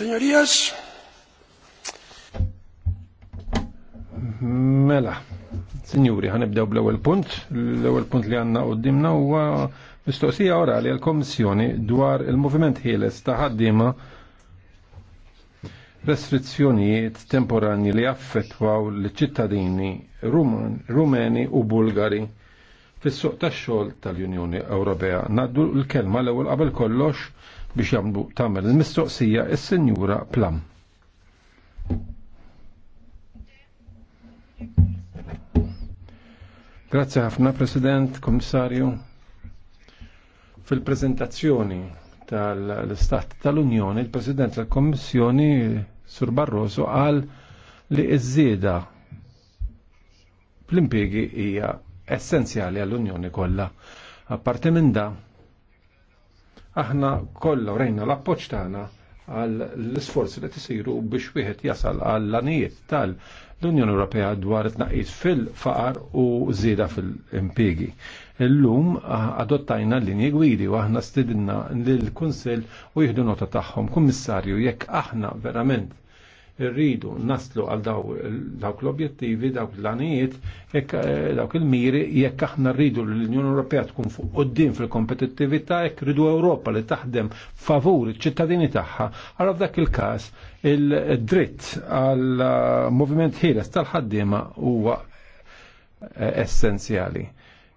Señorías. Mela, signori, ħanibdew bl-ewwel punt. L-ewwel punt li għandna dimna huwa mistoqsija orali għall komissjoni dwar il-moviment ħieles ta' ħaddiema restrizzjonijiet temporanji li affettwaw l-ċittadini rumeni u bulgari fis-suq tax-xogħol tal-Unjoni Ewropea. Naddu l-kelma l-ewwel qabel kollox biex jagħmlu tagħmel il-mistoqsija is-Sinjura Plam. Grazie ħafna, President, Komissarju. Fil-prezentazzjoni tal-Istat tal-Unjoni, il-President tal-Kommissjoni, Sur Barroso, għal li iż-żieda fl-impiegi hija essenzjali għall-Unjoni kollha. Apparti minn da, Aħna kollha rejna l-appoġġ tagħna għal l-isforzi li tisiru biex wieħed jasal għal l-anijiet tal l-Unjoni Ewropea dwar it-naqis fil-faqar u żieda fil impiegi Illum adottajna l-linji gwidi u aħna stidinna l-Kunsill u jihdu nota tagħhom. Kummissarju, jekk aħna verament rridu naslu għal dawk l-objettivi, dawk l-għanijiet, eh, dawk il-miri, jekk aħna rridu l-Unjoni Ewropea tkun fuq qoddim fil-kompetittività, jekk rridu Ewropa li taħdem favur iċ-ċittadini tagħha, għal f'dak il-każ il-dritt għal eh, moviment ħieles tal-ħaddiema huwa eh, essenzjali.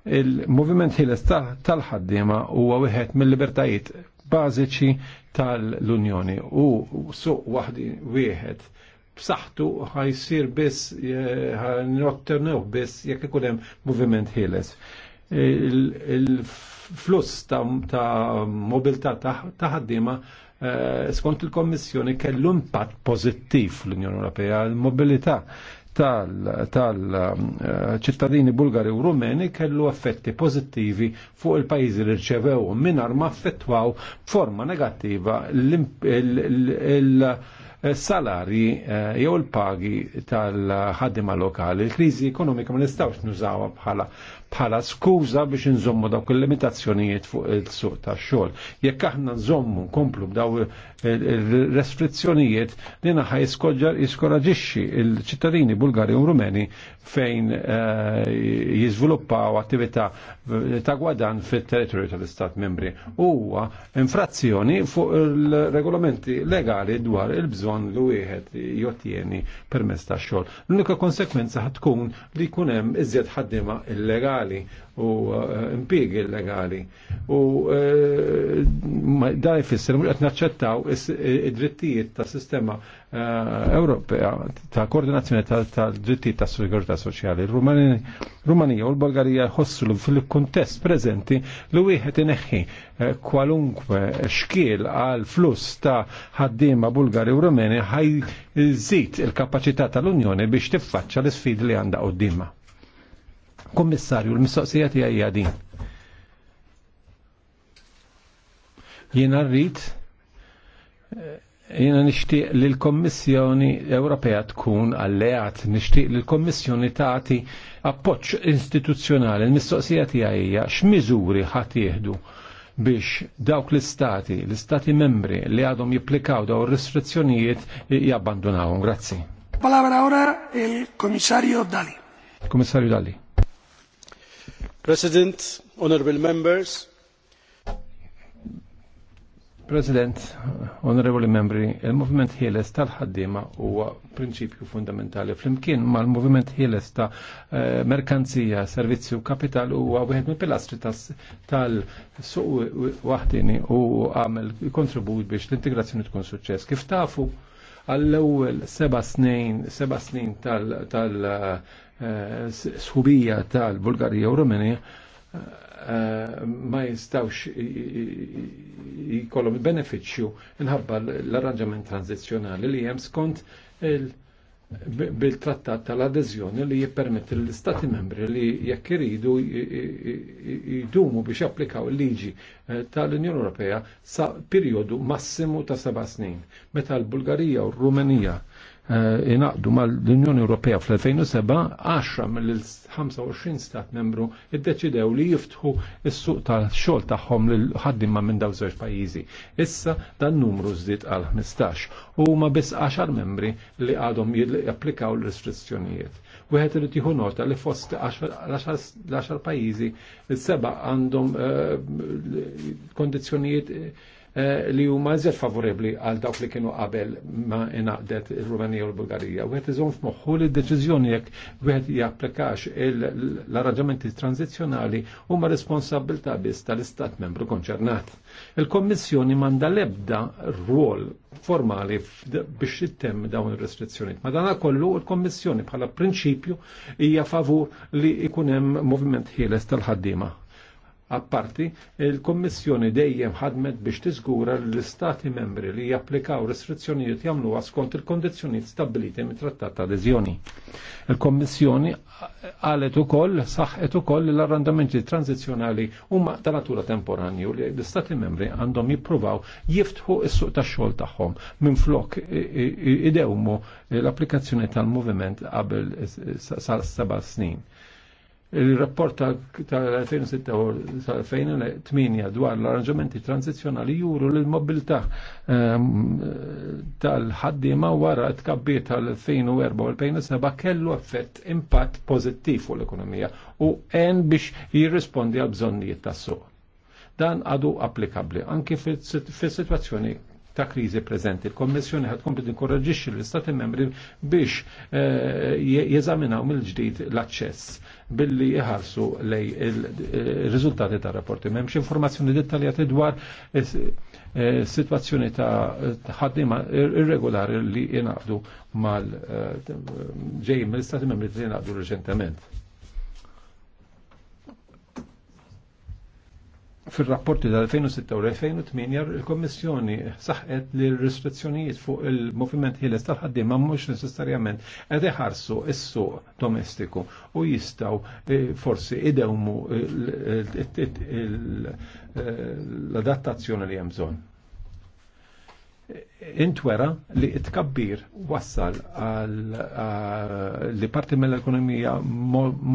Il-moviment ħieles tal-ħaddiema huwa wieħed mill-libertajiet bażiċi tal-Unjoni u suq waħdi wieħed b'saħħtu ħajsir biss eh, nottenew biss jekk ikun hemm moviment ħieles. Il-fluss ta' mobilità ta' ħaddiema eh, skont il-Kommissjoni kellu impatt pożittiv fl-Unjoni Ewropea l-mobilità tal-ċittadini tal, eh, bulgari u rumeni kellu effetti pozittivi fuq il-pajizi li rċevew minar ma affettwaw forma negattiva il-salari eh, jew il-pagi tal-ħaddima lokali. Il-krizi ekonomika ma nistawx nużawha bħala bħala skuża biex nżommu dawk il-limitazzjonijiet fuq il-suq tax-xogħol. Jekk aħna nżommu nkomplu b'daw il-restrizzjonijiet li naħa jiskoraġixxi il-ċittadini Bulgari u Rumeni fejn eh, jiżviluppaw attività ta' gwadan fit-territorju tal-Istat membri. Huwa infrazzjoni fuq il-regolamenti legali dwar il-bżonn li wieħed jottieni permezz tax-xogħol. L-unika konsekwenza ħatkun li jkun hemm iżjed ħaddiema illegali legali u eh, impiegi illegali. U eh, da jfisser mhux naċċettaw id-drittijiet ta' sistema eh, Ewropea ta' koordinazzjoni ta' drittijiet ta' sigurta' soċjali. Rumanija u l-Bulgarija jħossu fil-kuntest prezenti li wieħed ineħħi kwalunkwe xkiel għal fluss ta' ħaddiema Bulgari u Rumeni ħaj il-kapacità tal-Unjoni biex tiffaċċa l-sfidi li għandha qoddimha. Kommissarju, l-mistoqsija tiegħi hija din. Jiena rrid jiena nixtieq li l-Kommissjoni Ewropea tkun alleat, nixtieq li l-Kommissjoni tagħti appoġġ istituzzjonali. L-mistoqsija tiegħi hija x'miżuri ħadd jieħdu biex dawk l-istati, l-istati membri li għadhom jipplikaw daw restrizzjonijiet jabbandunawhom. Grazzi. Palabra ora il kommissarju Dali. Kommissarju Dali. President, honorable members. President, onorevoli membri, il-movement ħieles tal-ħaddima huwa prinċipju fundamentali flimkien ma l-movement ħieles ta' eh, merkanzija, servizzi u kapital huwa wieħed mill-pilastri tal-suq waħdini u għamel kontribut biex l-integrazzjoni tkun suċċess. Kif tafu? għall-ewwel seba' snin, seba' snin tal-sħubija tal-Bulgarija u Rumenija ma jistawx il benefiċċju minħabba l-arranġament tranzizzjonali li hemm skont il- bil-trattat tal-adeżjoni li jippermetti l istati membri li jekk iridu jidumu biex applikaw il-liġi eh, tal-Unjoni Ewropea sa periodu massimu ta' seba' snin. Meta l-Bulgarija u r-Rumenija Eh, inaqdu mal-Unjoni Ewropea fl-2007 10 mill-25 stat membru iddeċidew li jiftħu s-suq tal-xogħol tagħhom lil ma minn daw żewġ pajjiżi. Issa dan numru żdiet għal 15 u ma biss 10 membri li għadhom japplikaw l-restrizzjonijiet. Wieħed irid jieħu nota li fost l-10 pajjiżi s seba għandhom eh, kondizzjonijiet Eh, li huma eżed favorevli għal dawk li kienu qabel ma inaqdet il-Rumanija u l-Bulgarija. Wieħed iżomm f'moħħu li d-deċiżjoni jekk wieħed japplikax l-arranġamenti tranzizzjonali huma responsabilità biss tal-Istat membru konċernat. Il-Kommissjoni manda lebda rwol formali biex jittem dawn il restrizzjoni Ma dan kollu il-Kommissjoni bħala prinċipju hija favur li ikunem hemm moviment ħieles tal-ħaddiema Apparti, il-Kommissjoni dejjem ħadmet biex tiżgura l-Istati membri li japplikaw restrizzjonijiet jagħmluha skont il-kondizzjonijiet stabiliti mit-Trattat ta' Adeżjoni. Il-Kommissjoni qalet ukoll saħqet ukoll li l-arrandamenti tranzizzjonali huma ta' natura temporanju li l-Istati membri għandhom jippruvaw jiftħu is-suq tax-xogħol tagħhom minn flok idewmu l-applikazzjoni tal-moviment qabel saba snin Il-rapport tal-2006-2008 dwar l-arranġamenti tranzizjonali juru l-mobilità ehm, tal-ħaddiema wara tkabbir tal-2004-2007 kellu effett impatt pozittiv fuq l-ekonomija u en biex jirrispondi għal bżonnijiet tas-suq. Dan għadu applikabli anki fis-situazzjoni ta' kriżi preżenti. Il-Kommissjoni ħad kompli tinkoraġixxi l-Istati membri biex eh, jeżaminaw mill-ġdid l-aċċess billi jħarsu lej il-riżultati ta' rapporti. M'hemmx informazzjoni dettaljati dwar eh, situazzjoni ta' ħaddima irregolari li jingħaqdu mal eh, ġej mill-Istati membri li jingħaqdu reċentement. Fil-rapporti tal-2006 u 2008 il-Kommissjoni saħqet li l-restrizzjonijiet fuq il-moviment ħieles tal ma mhux necessarjament qed iħarsu s-suq domestiku u jistgħu eh, forsi idewmu l-adattazzjoni li hemm bżonn. Intwera li it-kabbir wassal li parti mill-ekonomija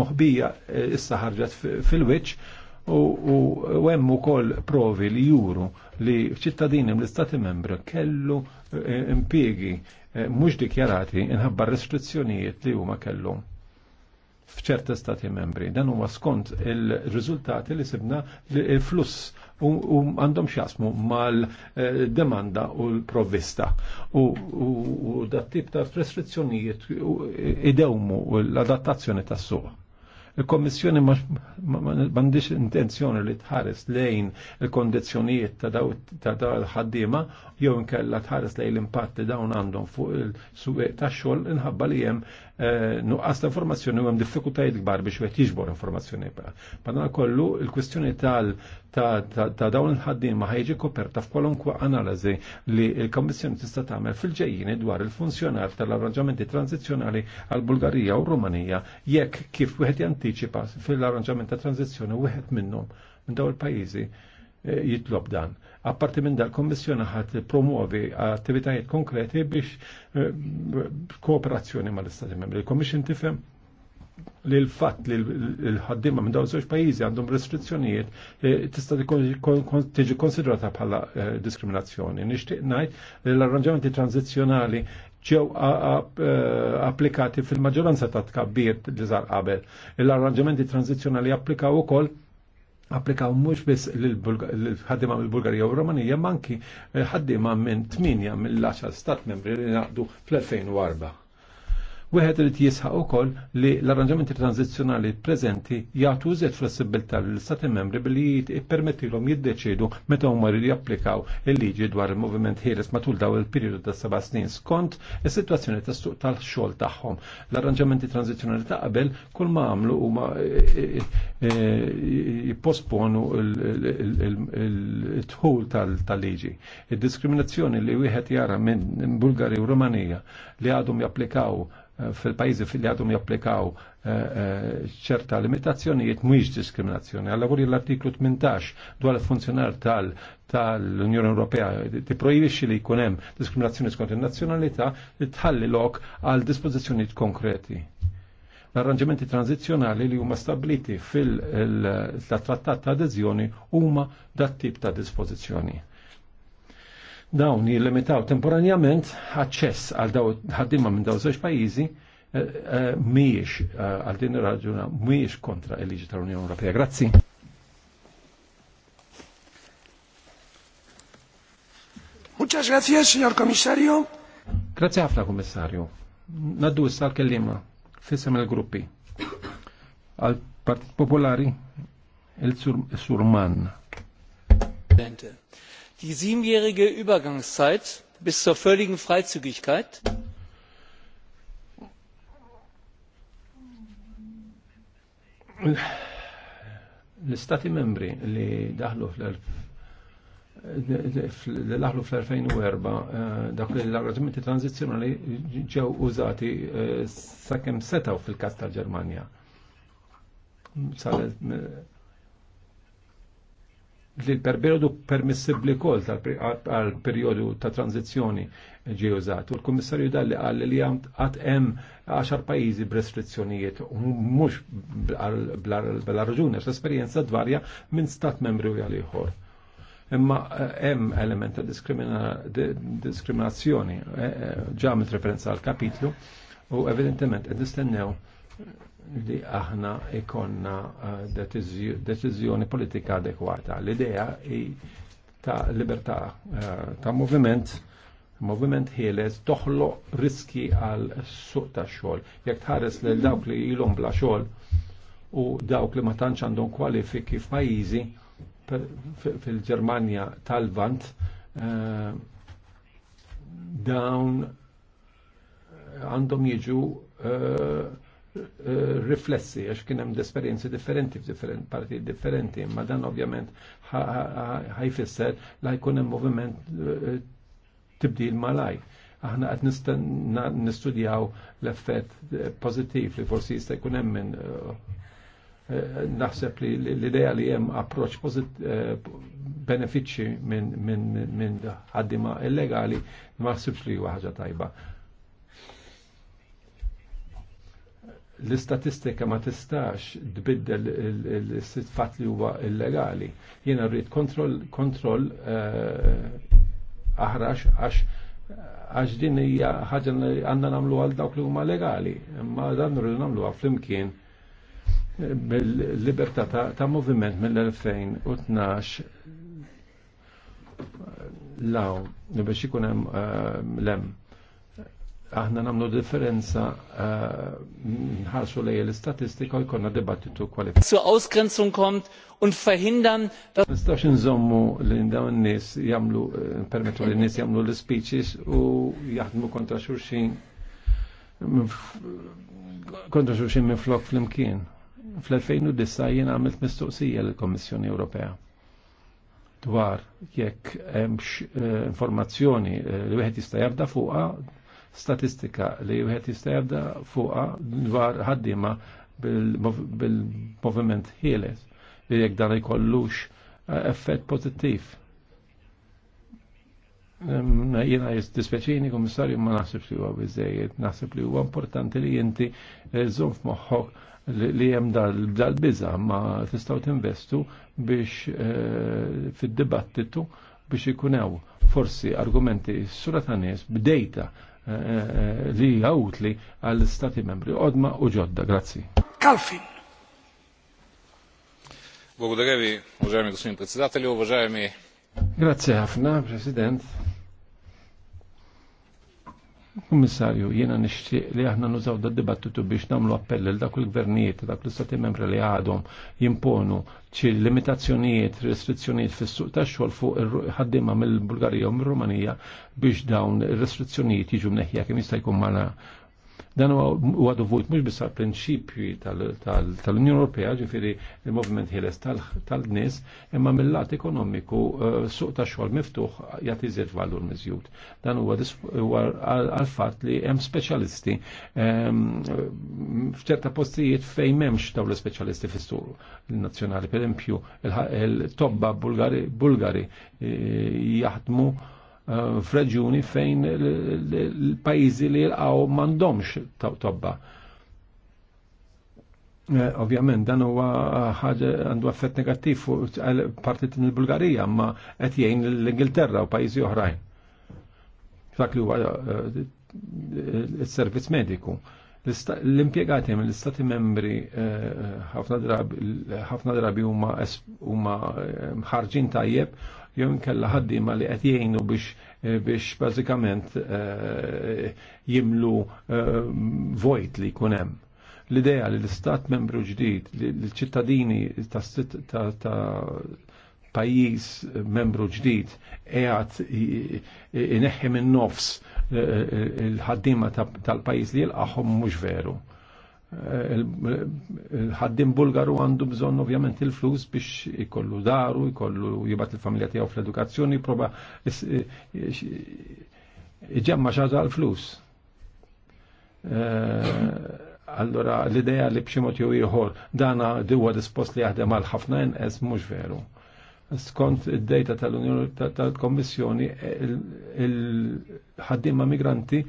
moħbija eh, issa ħarġet fil-wiċċ u hemm ukoll provi li juru li ċittadini mill-Istati membri kellu eh, impiegi eh, mhux dikjarati inħabba restrizzjonijiet li huma kellhom f'ċerta stati membri. Dan huwa skont il-riżultati li sibna il-fluss u għandhom xasmu mal-demanda u l-provvista. U dat tip ta' restrizzjonijiet idewmu l-adattazzjoni tas-suq. Il-Kommissjoni m'għandix intenzjoni li tħares lejn il-kondizzjonijiet ta' daw il-ħaddiema jew inkella tħares lejn l impatti li dawn għandhom fuq il-suq tax-xogħol inħabba li hemm Eh, nuqqas ta' informazzjoni u hemm diffikultajiet kbar biex wieħed jiġbor informazzjoni. Padana kollu il-kwestjoni tal ta' dawn il-ħaddim ma ħajġi koperta f'kwalunkwa analizi li l-Kommissjoni tista' tagħmel fil-ġejjini dwar il-funzjonar tal-arranġamenti tranzizzjonali għal Bulgarija u Rumanija jekk kif wieħed jantiċipa fil-arranġament ta' tranzizzjoni wieħed minnhom minn dawn il-pajjiżi Eh, jitlob dan. Apparti minn dal kommissjoni ħat promuovi attivitajiet konkreti biex eh, kooperazzjoni mal-Istati Membri. Il-Commission tifhem li l-fatt li l ħaddimma minn daw żewġ pajjiżi għandhom restrizzjonijiet eh, tista' tiġi konsidrata bħala diskriminazzjoni. Nixtieq ngħid li l-arranġamenti tranzizzjonali ġew applikati fil-maġġoranza ta' tkabbir li żar qabel. L-arranġamenti tranzizzjonali applikaw ukoll applikaw mhux biss l-ħaddima mill-Bulgarija u Romanija, manki eh, ħaddima minn 8 mill-10 stat membri li naqdu fl-2004. Wieħed irid jisħaq ukoll li l-arranġamenti tranzizzjonali preżenti jagħtu użet flessibilità lill istati membri billi jippermettilhom jiddeċidu meta huma jridu japplikaw il-liġi dwar il-moviment ħieles matul daw il-perjodu ta' seba' snin skont is-sitwazzjoni ta' suq tal-xogħol tagħhom. L-arranġamenti tranzizzjonali ta' qabel kull ma għamlu huma eh, eh, eh, jipposponu l tħul tal-liġi. Id-diskriminazzjoni li wieħed jara minn Bulgarija u Rumanija li għadhom japplikaw fil-pajzi fil-li għadhom japplikaw eh, eh, ċerta limitazzjonijiet mhuwiex diskriminazzjoni. Għalla vuri l-artiklu 18 dwar il-funzjonar tal-Unjoni Ewropea tipprojbixxi li jkun hemm diskriminazzjoni skont in-nazzjonalità li tħalli lok għal dispożizzjonijiet konkreti. L-arranġamenti tranzizzjonali li huma stabiliti fil-trattat ta' adeżjoni huma dat tip ta' dispożizzjoni. Dawn jillimitaw temporanjament aċċess għal daw ħaddimma minn daw żewġ pajjiżi eh, eh, mhijiex eh, għal din ir-raġuna mhijiex kontra il-liġi tal-Unjoni Ewropea. Grazzi. Muchas gracias, signor Commissario. Grazie ħafna, Kommissarju. Naddu issa l-kellima fissem il-gruppi. Għal Partit Popolari il-Surman die siebenjährige übergangszeit bis zur völligen freizügigkeit l-istati membri li daħlu fl-2004 dak l tranzizjonali ġew użati eh, sakemm setaw fil-kas tal-Ġermanja li l-periodu permissibli kol tal periodu ta' tranzizjoni ġie użat. U l-Kummissarju dalli qal li għat hemm 10 pajjiżi b'restrizzjonijiet u mhux bl-raġuni għax l-esperjenza dvarja minn stat membru għal ieħor. Imma eh, hemm element ta' diskriminazzjoni eh, eh, ġa referenza għal kapitlu u evidentement qed nistennew li aħna ikonna eh, deċiżjoni politika adekwata. L-idea ta' libertà eh, ta' moviment moviment ħieles toħlo riski għal suq ta' xogħol. Jekk tħares lil dawk li ilhom bla xogħol u dawk li ma tantx għandhom kwalifiki f'pajjiżi fil-Ġermanja tal-Vant eh, dawn għandhom jiġu Eh, riflessi għax kien hemm esperienzi differenti f'differenti parti differenti, ma dan ovvjament ħajfisser la jkun hemm moviment eh, tibdil malaj. Aħna qed nistudjaw l-effett eh, pożittiv li forsi jista' jkun hemm minn naħseb li l-idea li hemm approċ pozit minn ħaddima illegali ma naħsibx li huwa ħaġa tajba. l-istatistika ma tistax tbiddel il-sitfat li huwa illegali. Jiena rrid kontroll kontroll eh, aħrax għax għax din hija ħaġa għandna nagħmlu għal dawk li huma legali, imma dan rridu nagħmluha flimkien mill-libertà ta' moviment mill-2012 law biex ikun hemm eh, lem aħna namlu differenza eh, ħarsu lej l-istatistika u jkollna dibattitu kwalifikat. Zur Ausgrenzung kont un verhindern Nistax nżommu li n-nis jamlu, eh, permettu li nis jamlu l-speeches u jaħdmu kontra xurxin kontra xurxin minn flok fl-imkien. Fl-2009 jien għamilt mistoqsija l-Komissjoni Ewropea dwar jekk eh, informazzjoni li wieħed jista' jabda fuqha statistika li wieħed jista' jabda fuqha dwar ħaddiema bil-moviment ħieles li jekk dan jkollux eh, effett pozittiv. Jena jistispeċini komissarju ma naħseb li huwa biżejjed, naħseb li huwa importanti li inti eh, żomm f'moħħok li hemm dal-biża ma tistgħu tinvestu biex eh, fid-dibattitu biex ikun hemm forsi argumenti sura nies b'dejta li għawtli għall-Stati membri odma u ġodda. Grazzi. Kalfin. da għevi, uġajmi għusin председател, uġajmi... Grazie, Афна, prezident. Kummissarju, jiena nixtieq li aħna nużaw da dibattitu biex nagħmlu appell li dak il-gvernijiet, dak l-istati membri li għadhom jimponu ċi limitazzjonijiet, restrizzjonijiet fis-suq tax-xogħol fuq il-ħaddiema mill-Bulgarija u mill rumanija biex dawn ir-restrizzjonijiet jiġu mneħja kem jista' jkun mana Dan huwa dovut mhux biss prinċipji tal-Unjoni Ewropea, ġifieri il-movement ħieles tal-nies, imma mill-lat ekonomiku eh, suq ta' xogħol miftuħ jagħti żied valur miżjud. Dan huwa għal-fatt li hemm speċjalisti ehm, f'ċerta postijiet fejn m'hemmx dawn l-speċjalisti fis l nazzjonali, pereempju il-tobba Bulgari eh, jaħdmu Eh, f'reġjuni fejn l-pajjiżi li jilqgħu m'għandhomx tobba. Eh, ovvjament dan huwa ħaġa għandu effett negattiv fuq partit il bulgarija ma qed jgħin l-Ingilterra u pajjiżi oħrajn. Dak li huwa eh, s-servizz mediku l-impiegati mill istati membri ħafna drabi huma ħarġin tajjeb jew inkella ħaddiema li qed jgħinu biex eh, biex bażikament eh, jimlu eh, vojt li jkun hemm. L-idea li l-istat membru ġdid, li l-ċittadini ta' pajjiż membru ġdid qiegħed ineħħi minn nofs il ħaddiema tal-pajjiż li jilqahom mhux veru Eh, il-ħaddim bulgaru għandu bżonn ovvjament il-flus biex ikollu daru, ikollu jibat il-familja tiegħu fl-edukazzjoni, proba iġemma xaġa l-flus. Eh, allora l-ideja li b'xi mod jħor, ieħor dana diwa dispost li jaħdem għal ħafna inqes mhux veru. Skont id-data tal-Unjoni tal-Kommissjoni il ħaddim ma' migranti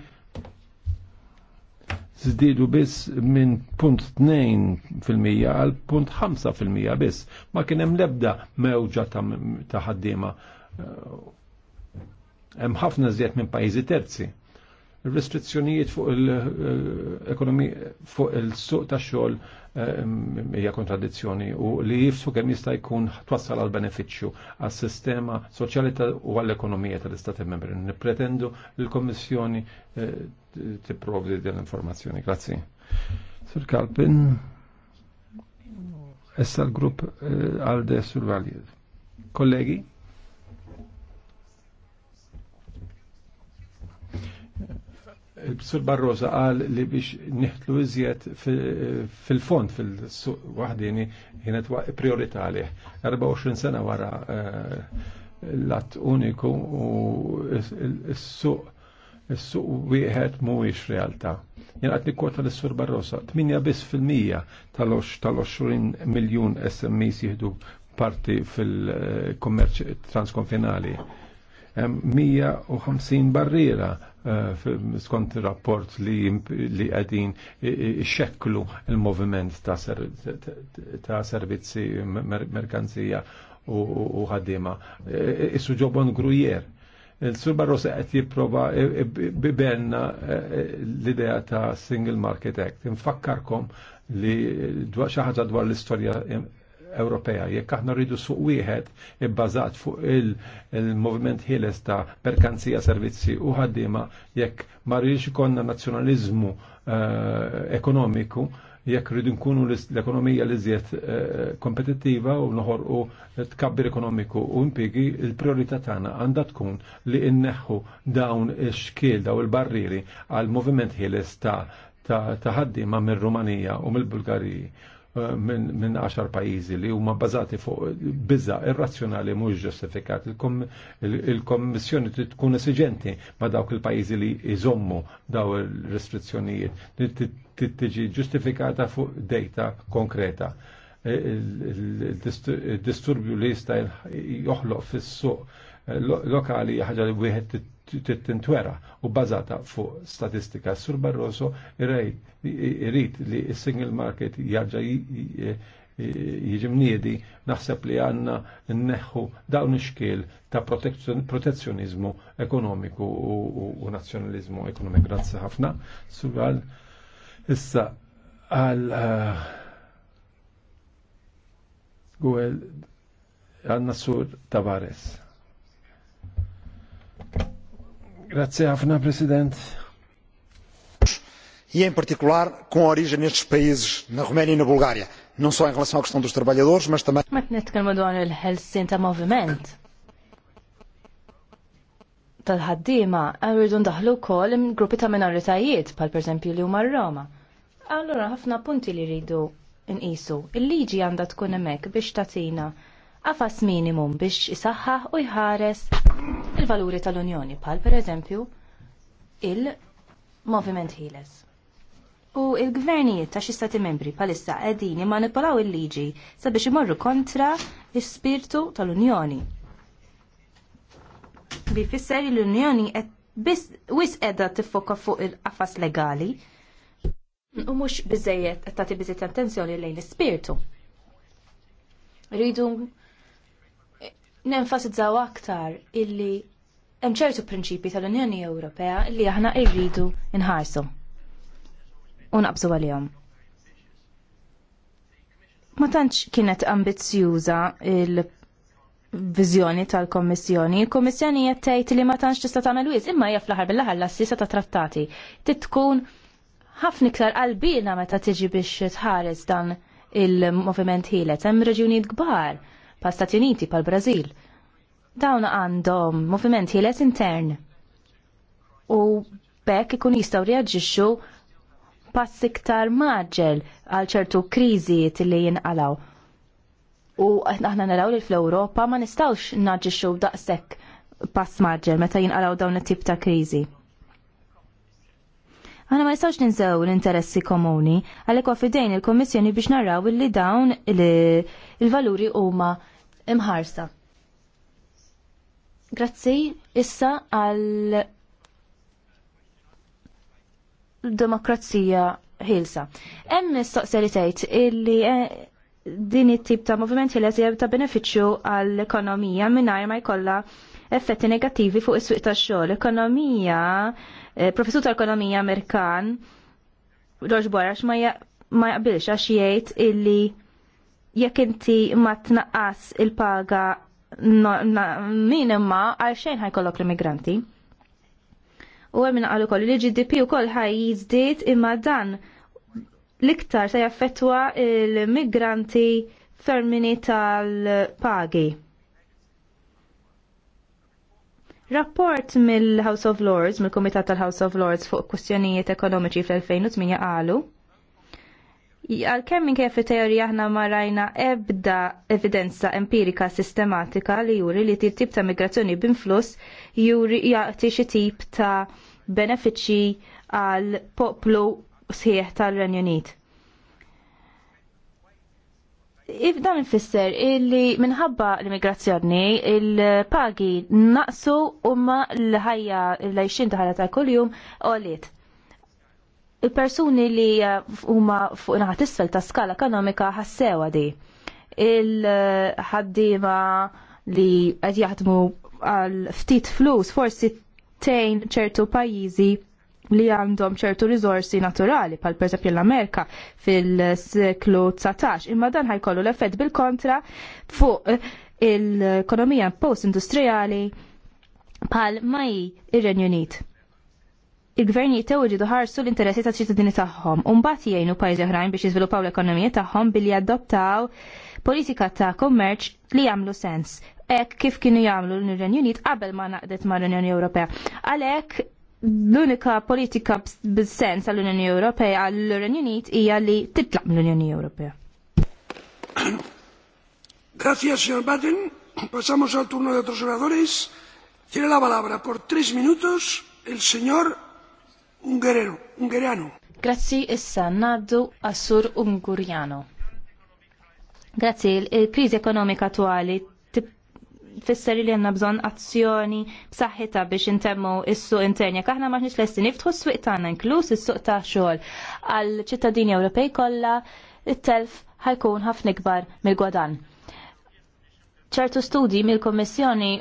zdidu biss minn punt 2% għal punt 5% fil-Mija biss. Ma kien hemm lebda mewġa ta' ħaddiema. Eh, hemm ħafna żjed minn pajjiżi terzi restrizzjonijiet fuq l ekonomi fuq il-suq ta' xogħol eh, hija kontradizzjoni u li jifsu kemm jista' jkun twassal għal benefiċċju għas sistema soċjali u għall ekonomija tal-Istati Membri. Nippretendu li l-Kommissjoni eh, tipprovdi din l-informazzjoni. Grazzi. Sur Kalpin, essa l-grupp eh, għal de Kollegi? sur Barroza għal li biex niħtlu iżjed fil-fond fil-suq wahdini jenet prioritali. 24 sena wara eh, l-att uniku u s-suq s-suq wieħed mhuwiex realtà. Jien qed nikkwota l-Sur Barroza 8 biss fil-mija tal-20 miljun SMEs jieħdu parti fil-kommerċ eh, transkonfinali. 150 barriera Eh, skont rapport li għedin xeklu il-moviment ta' servizzi merkanzija u ħadima. Eh, eh, issu ġobon grujer. Il-Sur Barrosa qed jipprova bibenna l-idea ta' Single Market Act. Infakkarkom li xi ħaġa dwar l-istorja Ewropea. Jekk aħna rridu suq wieħed ibbażat fuq il-moviment ħieles ta' merkanzija servizzi u ħaddiema jekk ma rridux ikonna nazzjonaliżmu eh, ekonomiku, jekk rridu nkunu l-ekonomija li żjed eh, kompetittiva u noħorqu tkabbir ekonomiku u impigi, il-priorità tagħna għandha tkun li nneħħu dawn ix-xkiel daw il-barriri għal moviment ħieles ta' ta' ħaddiema mill-Rumanija u mill-Bulgariji Eh, minn 10 pajjiżi li huma bbażati fuq biża irrazzjonali mhux ġustifikat. Il-Kommissjoni trid tkun esiġenti ma' dawk il-pajjiżi li jżommu daw il-restrizzjonijiet li tiġi ġustifikata fuq data konkreta. E, Il-disturbju li jista' joħloq fis-suq eh, lokali ħaġa li wieħed tittintwera u bazata fuq statistika. Sur Barroso irrit li single market jarġa jiġimniedi naħseb li għanna neħu dawn ix ta' protezzjonizmu ekonomiku u nazzjonalizmu ekonomiku. Grazzi ħafna. Sugal, issa għal eh, Għuel għanna sur Tavares. Grazie ħafna, President. E em particular com origem nestes países, na Roménia e na Bulgária, não só em relação à questão dos trabalhadores, mas também. Ma t-netkelmu dwar il-ħelsin ta' moviment tal-ħaddiema rridu ndaħlu um wkoll gruppi ta' minoritajiet bħal pereżempju li huma r-Roma. Allura ħafna punti li rridu nqisu. Il-liġi għandha tkun hemmhekk biex tatina għafas minimum biex isaħħaħ u jħares il-valuri tal-Unjoni pal per eżempju il-moviment Healers. U il-gvernijiet ta' xi stati membri issa qegħdin jimmanipolaw il-liġi sabiex imorru kontra l spirtu tal-Unjoni. Bifisser l-Unjoni qed biss wis qiegħda tiffoka fuq il-qafas legali u mhux bizzejiet qed tagħti biżejjed attenzjoni lejn l spirtu Rridu nenfasizzaw aktar illi hemm ċertu prinċipji tal-Unjoni Ewropea li aħna rridu nħarsu u naqbżu għalihom. Ma tantx kienet ambizzjuża il viżjoni tal-Kommissjoni. Il-Kommissjoni qed tgħid li ma tantx tista' tagħmel wies, imma hija fl-aħħar bil-aħħar l-assisa ta' trattati. Titkun ħafna iktar qalbina meta tiġi biex tħares dan il-moviment ħielet. Hemm reġunijiet kbar pa' Stati Uniti, pa' Brazil. Dawn għandhom moviment ħieles intern u bekk ikun jistaw reagġixxu pass iktar maġġel għal ċertu kriżijiet li jinqalaw. U aħna naraw li fl-Ewropa ma nistawx naġġixxu daqshekk pass maġġel meta jinqalaw dawn it-tip ta' kriżi. Għana ma jistawx ninsew l-interessi komuni, għalek fidejn il-Komissjoni biex narraw li dawn il-valuri huma imħarsa. Grazzi issa għal demokrazija ħilsa. Hemm mistoqser tgħid illi eh, din it-tip ta' moviment ħiles hija ta' benefiċċju għall-ekonomija mingħajr ma jkollha effetti negattivi fuq is-suq tax-xogħol. Ekonomija, eh, professur tal-ekonomija Amerikan, Roġ Borax ma jaqbilx għax jgħid illi jekk inti ma tnaqqas il-paga minima għal xejn ħajkollok l-immigranti. U għemmin għallu koll li GDP u koll ħaj jizdiet imma dan l-iktar se jaffetwa il-migranti fermini tal-pagi. Rapport mill-House of Lords, mill-Komitat tal-House of Lords fuq kwestjonijiet ekonomiċi fl-2008 għalu Għalkemm minn kif teorija aħna ma rajna ebda evidenza empirika sistematika li juri li tip ta' migrazzjoni b'influss juri jagħti xi tip ta' benefiċċji għal poplu sħiħ tal-Renju Unit. If dan ifisser illi minħabba l-immigrazzjoni il-pagi naqsu ma l-ħajja l-għajxin taħra ta' kuljum u il-persuni li eh, huma fuq naħat isfel ta' skala ekonomika ħassewa di. Il-ħaddima li qed jaħdmu għal ftit flus forsi tejn ċertu pajjiżi li għandhom ċertu rizorsi naturali, pal perżempju l-Amerika fil-seklu 19, imma dan ħajkollu l-effett bil-kontra fuq l-ekonomija post-industrijali pal maj ir-Renju Unit il-gvernijiet tew iġidu ħarsu l-interessi ta' ċittadini tagħhom u mbagħad jgħinu pajjiżi oħrajn biex jiżviluppaw l-ekonomija tagħhom billi adoptaw politika ta' kummerċ li jagħmlu sens. Ek kif kienu jagħmlu l-Unjoni Unit qabel ma naqdet ma' l-Unjoni Ewropea. Għalhekk l-unika politika bis-sens għall-Unjoni Ewropea għall-Unjoni Unit hija li titlaq mill-Unjoni Ewropea. Grazie, signor Baden. Pasamos al turno de otros oradores. Tiene la palabra por tres minutos el señor Ungerjano. Grazzi issa naddu Assur Ungurjano. Grazzi, il-krizi ekonomika attuali tfisser li għanna bżon azzjoni b'saħħitha biex intemmu s suq Kaħna jekk aħna maħniex lesti niftħu s-suq tagħna inkluż is-suq ta' xogħol għal ċittadini Ewropej kollha il telf ħajkun ħafna ikbar mil gwadan ċertu studji mill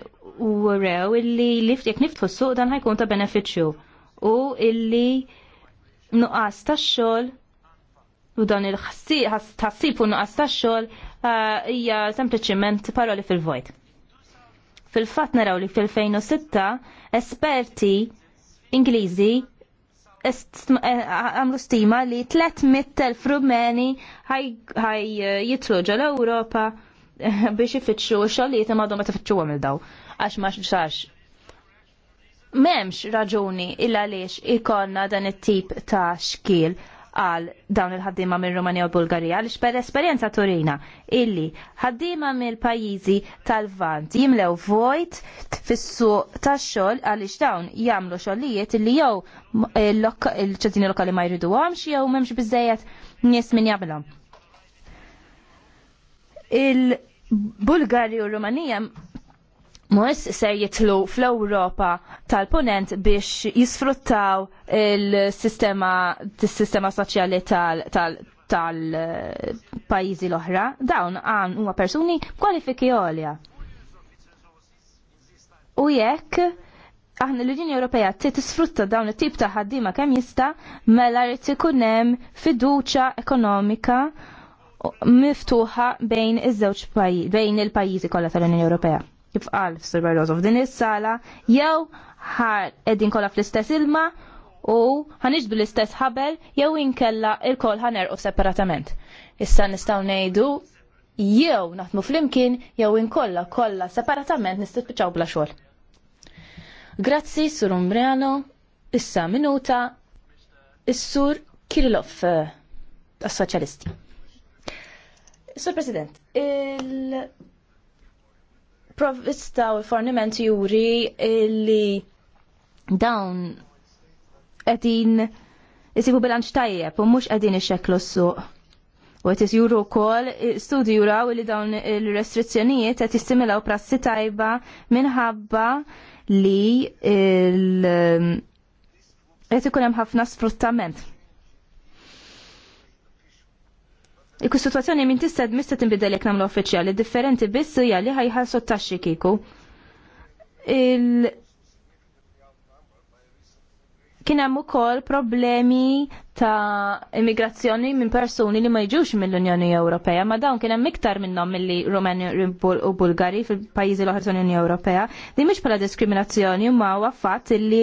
u rew illi li jekk niftħu s-suq dan ħajkun ta' benefiċċju u illi nuqqas tax-xogħol u dan il-ħassib u nuqqas tax-xogħol uh, hija sempliciment paroli fil-vojt. Fil-fatt naraw li fil-2006 esperti Ingliżi eh, għamlu stima li 300.000 rumeni ħaj eh, jitruġa l-Europa eh, biex ifittxu xogħlijiet ma għadhom ma tifittxu għamil daw. Għax ma xax memx raġuni illa għaliex ikonna dan it-tip ta' xkil għal dawn il-ħaddima minn Rumanija u Bulgarija għaliex per esperienza turina illi ħaddima mill pajjiżi tal-vant jimlew vojt fissu tax-xogħol għaliex dawn jagħmlu xogħlijiet illi jew il-ċittadini lokali ma jriduhomx jew m'hemmx biżejjed nies minn jagħmilhom. il bulgarija u Rumanija Mus ser jitlu fl-Europa tal-ponent biex jisfruttaw il-sistema sistema soċjali tal-pajizi l-oħra. Dawn għan huma persuni kwalifiki għolja. U jekk aħna l-Unjoni Ewropea trid tisfrutta dawn it-tip ta' ħaddiema kemm jista' mela rid ikun hemm fiduċja ekonomika miftuħa bejn iż-żewġ bejn il-pajjiżi kollha tal-Unjoni Ewropea kif qal Sir Barroso f'din is-sala jew ħar qegħdin kollha fl-istess ilma u ħaniġdu l-istess ħabel jew inkella il-kol ħanerqu separatament. Issa nistgħu ngħidu jew naħdmu flimkien jew inkolla kollha separatament nistispiċċaw bla xogħol. Grazzi Sur Umbriano, issa minuta is-Sur Kirillov tas-Soċjalisti. Sur President, il provvista u il-forniment juri li dawn qegħdin jisibu bilanċ tajjeb u mhux qegħdin iċeklu s-suq. U għet juru kol, studi juraw li dawn il-restrizzjonijiet għet jistimilaw prassi tajba minħabba li il- għet ikunem ħafna sfruttament. Iku situazzjoni minn tista' mista tinbidel jekk nagħmlu uffiċjali, differenti biss hija li ħajħallsu t-taxxi kieku. Kien hemm ukoll problemi ta' immigrazzjoni minn persuni li ma jiġux mill-Unjoni Ewropea, ma dawn kien hemm iktar minnhom milli Rumeni u Bulgari fil-pajjiżi l-oħra tal-Unjoni Ewropea. li mhix bħala diskriminazzjoni ma huwa fatt li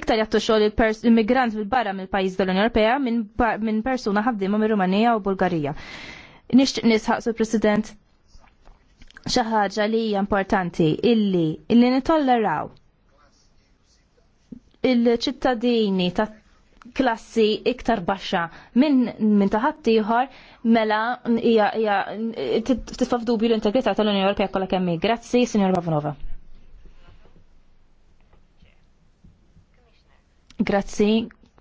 iktar jagħtu xogħol il-immigrant barra mill-pajjiż tal-Unjoni Ewropea minn persuna ħaddiema minn Rumanija u Bulgarija. Nixtieq nisħaq Sur President xi ħaġa li hija importanti illi illi nitolleraw il-ċittadini ta' klassi iktar baxxa minn min taħat ieħor mela hija hija f'dubju l-integrità tal-Unjoni Ewropea kollha kemm Grazzi, Sinjor Bavanova. Grazzi,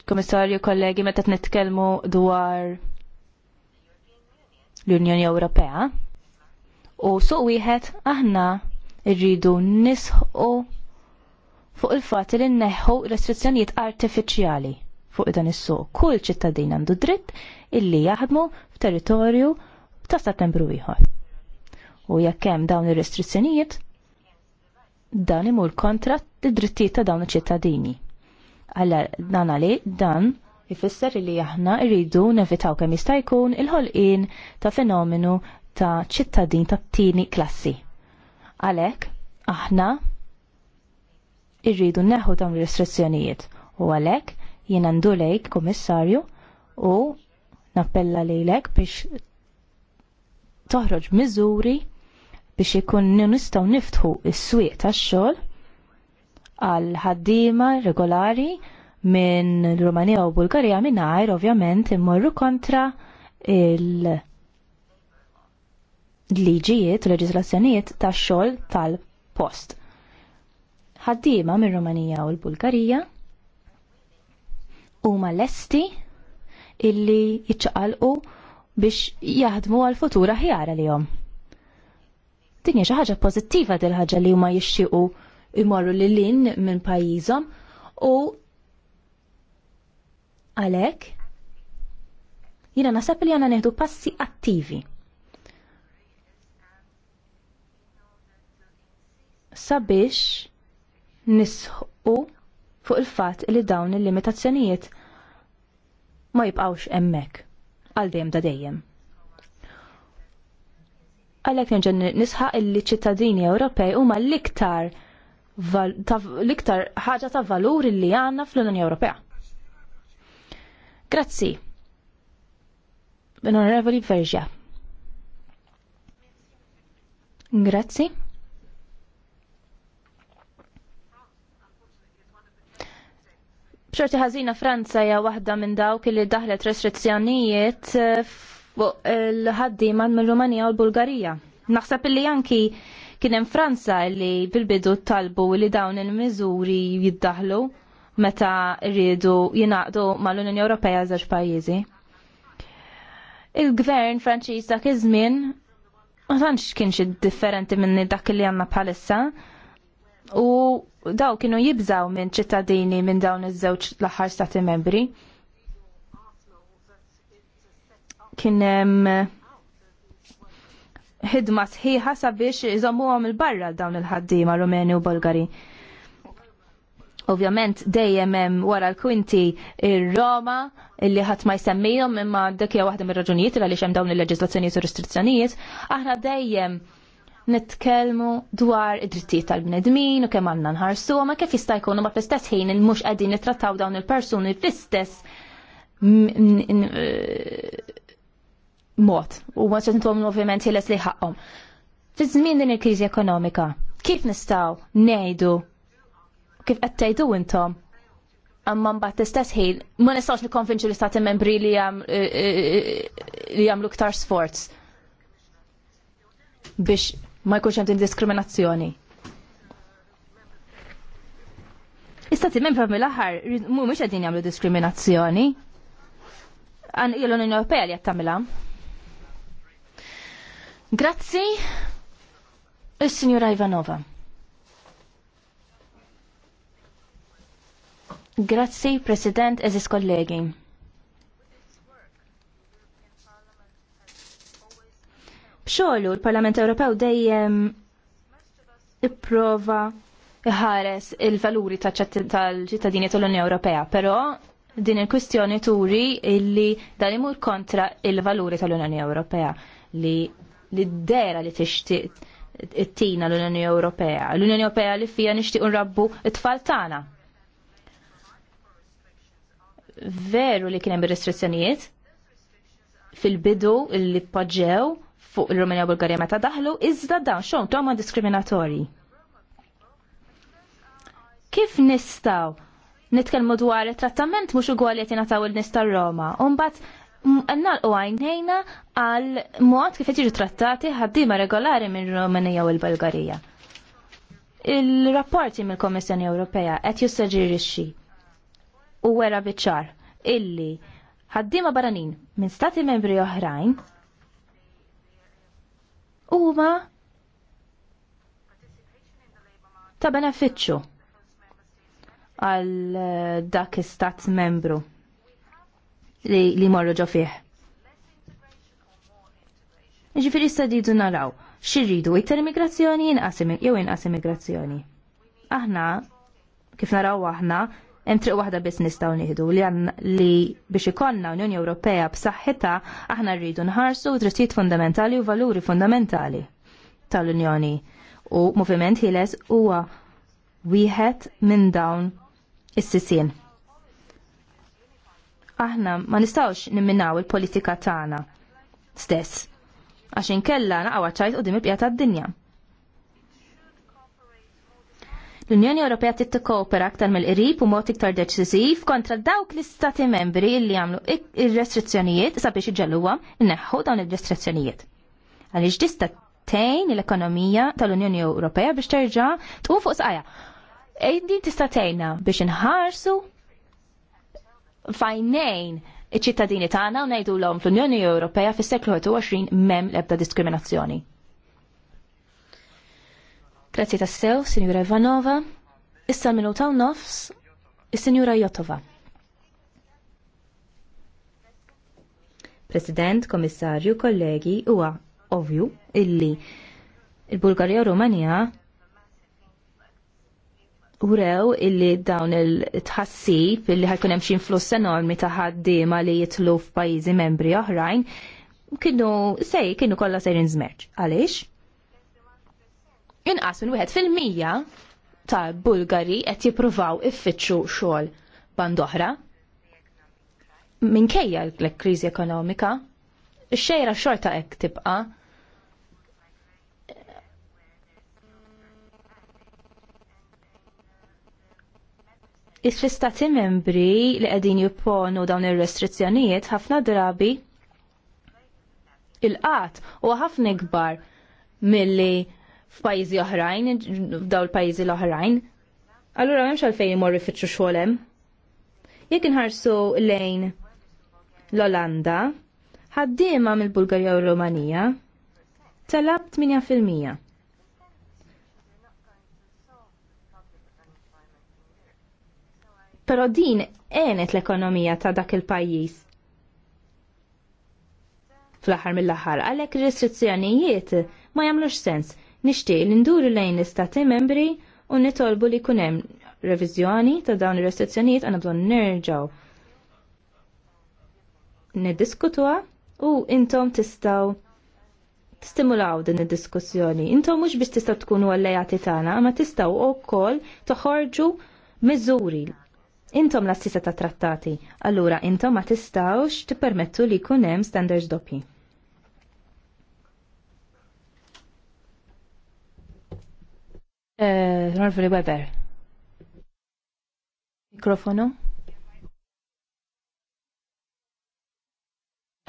Komissarju, kollegi, meta nitkellmu dwar l-Unjoni Ewropea u suq wieħed aħna rridu nisħu fuq il-fat li nneħħu restrizzjonijiet artifiċjali fuq dan is-suq. Kull ċittadin għandu dritt illi jaħdmu f'territorju ta' Settembru ieħor. U jekk hemm dawn ir-restrizzjonijiet, dan imur kontra id-drittijiet ta' dawn iċ-ċittadini. Alla dan għali dan ifisser li aħna rridu nevitaw kemm jista' jkun il-ħolqien ta' fenomenu ta' ċittadin ta' tini klassi. Għalhekk aħna irridu neħu dawn restrizzjonijiet u għalek jien għandu lejk komissarju u nappella lejlek biex toħroġ miżuri biex ikun nistgħu niftħu s-swieq tax-xogħol għal ħaddiema regolari minn Rumanija u Bulgarija mingħajr ovvjament immorru kontra il- liġijiet u leġislazzjonijiet tax xogħol tal-post ħaddiema minn Rumanija u l-Bulgarija huma lesti illi jiċċaqalqu biex jaħdmu għal futura ħjara li jom. Dinja xi ħaġa pożittiva dil ħaġa li huma jixxiequ imorru lil lin minn pajjiżhom u għalhekk jiena nasab li għandna neħdu passi attivi. Sabiex nisħu fuq il-fatt li dawn il-limitazzjonijiet ma jibqawx emmek għal dejjem da dejjem. Għalhekk nġen nisħaq illi ċittadini Ewropej huma l-iktar l-iktar ħaġa ta' valur li għandna fl-Unjoni Ewropea. Grazzi. Onorevoli Verġa. Grazzi. B'xorti ħażina Franza hija waħda minn dawk li daħlet restrizzjonijiet eh, fuq il-ħaddiema mill-Rumanija u l-Bulgarija. Naħseb li anki kien hemm Franza li bil-bidu talbu li dawn il-miżuri jiddaħlu meta rridu jingħaqdu mal-Unjoni Ewropea żewġ pajjiżi. Il-gvern Franċiż dak iż-żmien ma tantx kienx differenti minn dak li għandna bħalissa u daw kienu jibżaw minn ċittadini minn dawn iż-żewġ l-aħħar stati membri. Kien hemm ħidma sħiħa sabiex iżommuhom il-barra dawn il-ħaddiema Rumeni u Bulgari. Ovvjament dejjem hemm wara l-kwinti ir-Roma illi ħadd ma jsemmihom imma dik hija waħda mir-raġunijiet għaliex hemm dawn il-leġiżlazzjonijiet u restrizzjonijiet, aħna dejjem nitkellmu dwar id-drittijiet tal-bnedmin u kemm għandna nħarsu ma kif jista' jkunu ma fl-istess ħin mhux qegħdin nittrattaw dawn il-persuni fl-istess eh, mod u ma ċentom ovvjament ħieles li ħaqhom. Fi żmien din il-kriżi ekonomika, kif nistgħu ngħidu kif qed tgħidu intom Amma mbagħad istess ħin ma nistgħux nikkonvinċu l-istati membri li eh, eh, jagħmlu ktar sforz biex ma jkunx hemm diskriminazzjoni. Istati fa' mill-aħħar mhumiex qegħdin jagħmlu diskriminazzjoni. Għan l-Unjoni Ewropea li qed tagħmilha. Grazzi. Is-Sinjura Ivanova. Grazzi, President, eżis kollegi. xogħlu l-Parlament Ewropew dejjem ipprova ħares il-valuri tal-ċittadini tal-Unjoni Ewropea, però din il-kwistjoni turi illi dan imur kontra il-valuri tal-Unjoni Ewropea li l-dera li tixtieq it-tina l-Unjoni Ewropea. L-Unjoni Ewropea li fija nixtieq unrabbu it-tfal tagħna. Veru li kien hemm restrizzjonijiet fil-bidu li poġġew fuq il-Rumenja u Bulgarija meta daħlu, iżda dawn xogħol huma diskriminatorji. Kif nistaw nitkellmu dwar it-trattament mhux ugwali qed jingħataw il-nies tar-Roma, u mbagħad għajnejna għal mod kif qed jiġu trattati ħaddiema regolari minn Rumenija u l-Bulgarija. Il-rapporti mill-Kommissjoni Ewropea qed jissaġirixxi u wera biċ-ċar illi ħaddiema baranin minn stati membri oħrajn huma ta' benefiċċju għal eh, dak istat membru li, li morru ġo fih. Ġifiri stadidu naraw, xirridu iktar immigrazzjoni, jew inqas immigrazzjoni. Aħna, kif naraw aħna, hemm triq waħda biss nistgħu nieħdu li għan li biex ikollna Unjoni Ewropea b'saħħitha aħna rridu nħarsu drittijiet fundamentali u valuri fundamentali tal-Unjoni. U moviment ħieles huwa wieħed minn dawn is-sisien. Aħna ma nistgħux nimminaw il-politika tagħna stess għax inkella naqgħu ċajt qudiem il-pjata tad-dinja. L-Unjoni Ewropea trid tikkopera aktar mill-qrib u mod iktar deċiżiv kontra dawk l-istati membri li jagħmlu ir-restrizzjonijiet sabiex iġġelluhom inneħħu dawn ir-restrizzjonijiet. Għaliex tista' tgħin l-ekonomija tal-Unjoni Ewropea biex terġa' tqum fuq sqajja. Ejdi tista' tgħinna biex inħarsu fajnejn iċ-ċittadini tagħna u ngħidulhom fl-Unjoni Ewropea fis-seklu 21 mem l-ebda diskriminazzjoni. Grazzi tassew, Sinjura Ivanova. Issa minuta u nofs, Sinjura Jotova. President, Komissarju, kollegi, huwa ovju illi il-Bulgarija u Rumanija urew illi dawn il-tħassib illi ħajkun hemm xi influss enormi ta' ħaddiema li jitlu f'pajjiżi membri oħrajn kienu sej kienu kollha sejrin żmerġ. Għaliex? Inqas minn wieħed fil-mija tal-Bulgari qed jippruvaw iffittxu xogħol bandoħra. Minkejja l-kriżi ekonomika, ix-xejra xorta hekk tibqa' Is-fistati membri li qegħdin jipponu dawn ir-restrizzjonijiet ħafna drabi il-qat u ħafna kbar milli f'pajjiżi oħrajn, f'dawl pajjiżi l-oħrajn. Allura m'hemmx għalfejn imorru jfittxu xogħol hemm. Jekk inħarsu lejn l-Olanda, ħaddiema mill-Bulgarja u Rumanija talab 8%. Però din għenet l-ekonomija ta' dak il-pajjiż. Fl-aħħar mill-aħħar, għalhekk ir restrizzjonijiet ma jagħmlux sens Nixtieq li nduru lejn l-istati membri u nitolbu li jkun hemm reviżjoni ta' dawn ir-restrizzjonijiet għandna bżonn nerġgħu niddiskutuha u intom tistgħu tistimulaw din id-diskussjoni. Intom mhux biex tistgħu tkunu allejati tagħna, ma tistgħu wkoll toħorġu miżuri. Intom l-assisa ta' trattati, allura intom ma tistgħux tippermettu li jkun hemm standards doppi. Eh, Norvili Weber. Mikrofonu.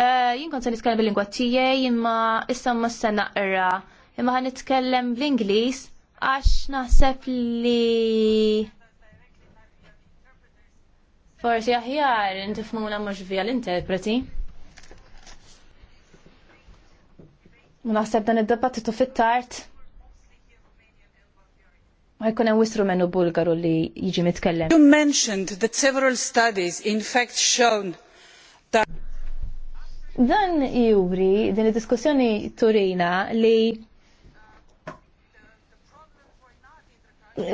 Eh, jien kont se nitkellem bil-lingwa tiegħi imma issa ma se naqra imma ħan nitkellem bl-Ingliż għax naħseb li forsi aħjar intifmuna mhux via l-interpreti. Naħseb dan id-debattitu fit-tard ħajkun hemm wistru minnu Bulgaru li jiġi mitkellem. You mentioned that several studies in fact shown that Dan juri din id-diskussjoni turina li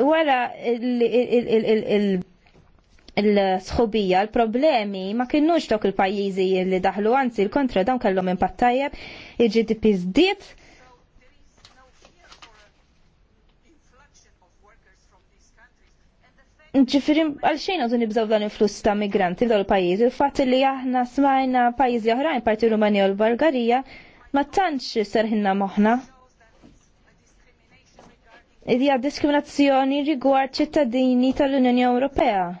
wara il-sħobija, il-problemi ma kienux dawk il-pajjiżi li daħlu anzi l kontra dawn kellhom impatt tajjeb, il-GDP żdied ġifiri għalxejn għadu nibżaw dan il-flus ta' migranti f'dawl pajjiżi. il fat li aħna smajna pajjiżi oħrajn parti Rumanija u l-Bulgarija ma tantx serħinna moħħna. Idija diskriminazzjoni rigward ċittadini tal-Unjoni Ewropea.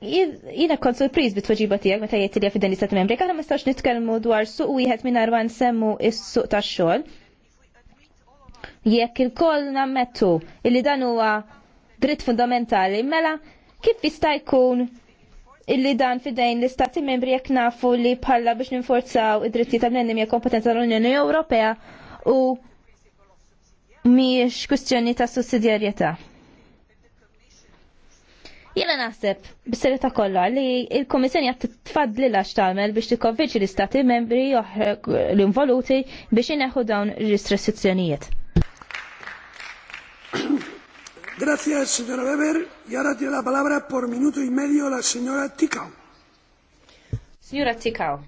jina kont surpriz bit tweġiba tiegħek meta jgħid li għafidan dan l-istat membri, aħna ma nistax nitkellmu dwar suq wieħed mingħajr ma nsemmu is-suq tax-xogħol jekk il-koll nammettu illi dan huwa dritt fundamentali, mela kif jista' jkun illi dan fidejn l-istati membri jekk nafu li bħalla biex ninforzaw id-dritti tal-nennim jekk kompetenza tal-Unjoni Ewropea u miex kwistjoni ta' sussidjarjetà. Jena naħseb, bis ta' kollha li il-Komissjoni qed tfadli għax tamel biex t-konvinċi l-istati membri l involuti biex ineħħu dawn ir-restrizzjonijiet. Grazie, signora Weber. Y ahora tiene la palabra por minuto y medio la señora Tikau. Signora Tikau.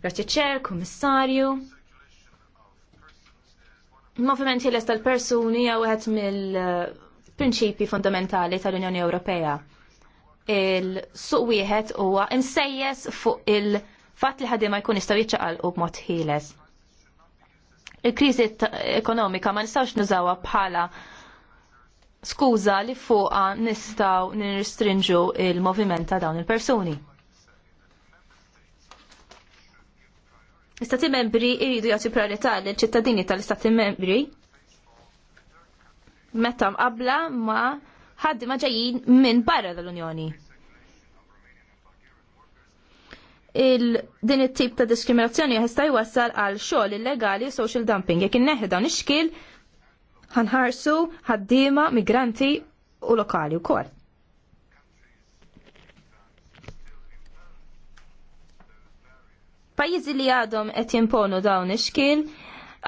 Grazie, Chair, Commissario. Moviment ħiles tal-persuni għaw għet mill-prinċipi fondamentali tal-Unjoni Ewropea. Il-suq wieħed huwa imsejjes fuq il-fatt li ħadima jkun jistgħu jiċċaqalqu b'mod ħieles. Il-kriżi ekonomika ma nistgħux nużawha bħala skuża li fuqha nistgħu nirristrinġu il-moviment ta' dawn il-persuni. L-Istati membri jridu jagħtu priorità lill ċittadini tal-Istati membri meta mqabbla ma' ħaddi ma ġejjin minn barra l-Unjoni. din it-tip ta' diskriminazzjoni jista' jwassal għal xogħol illegali social dumping. Jekk inneħħi dawn ix-xkil ħanħarsu ħaddiema, migranti u lokali wkoll. Pajjiżi li għadhom qed jimponu dawn ix-xkil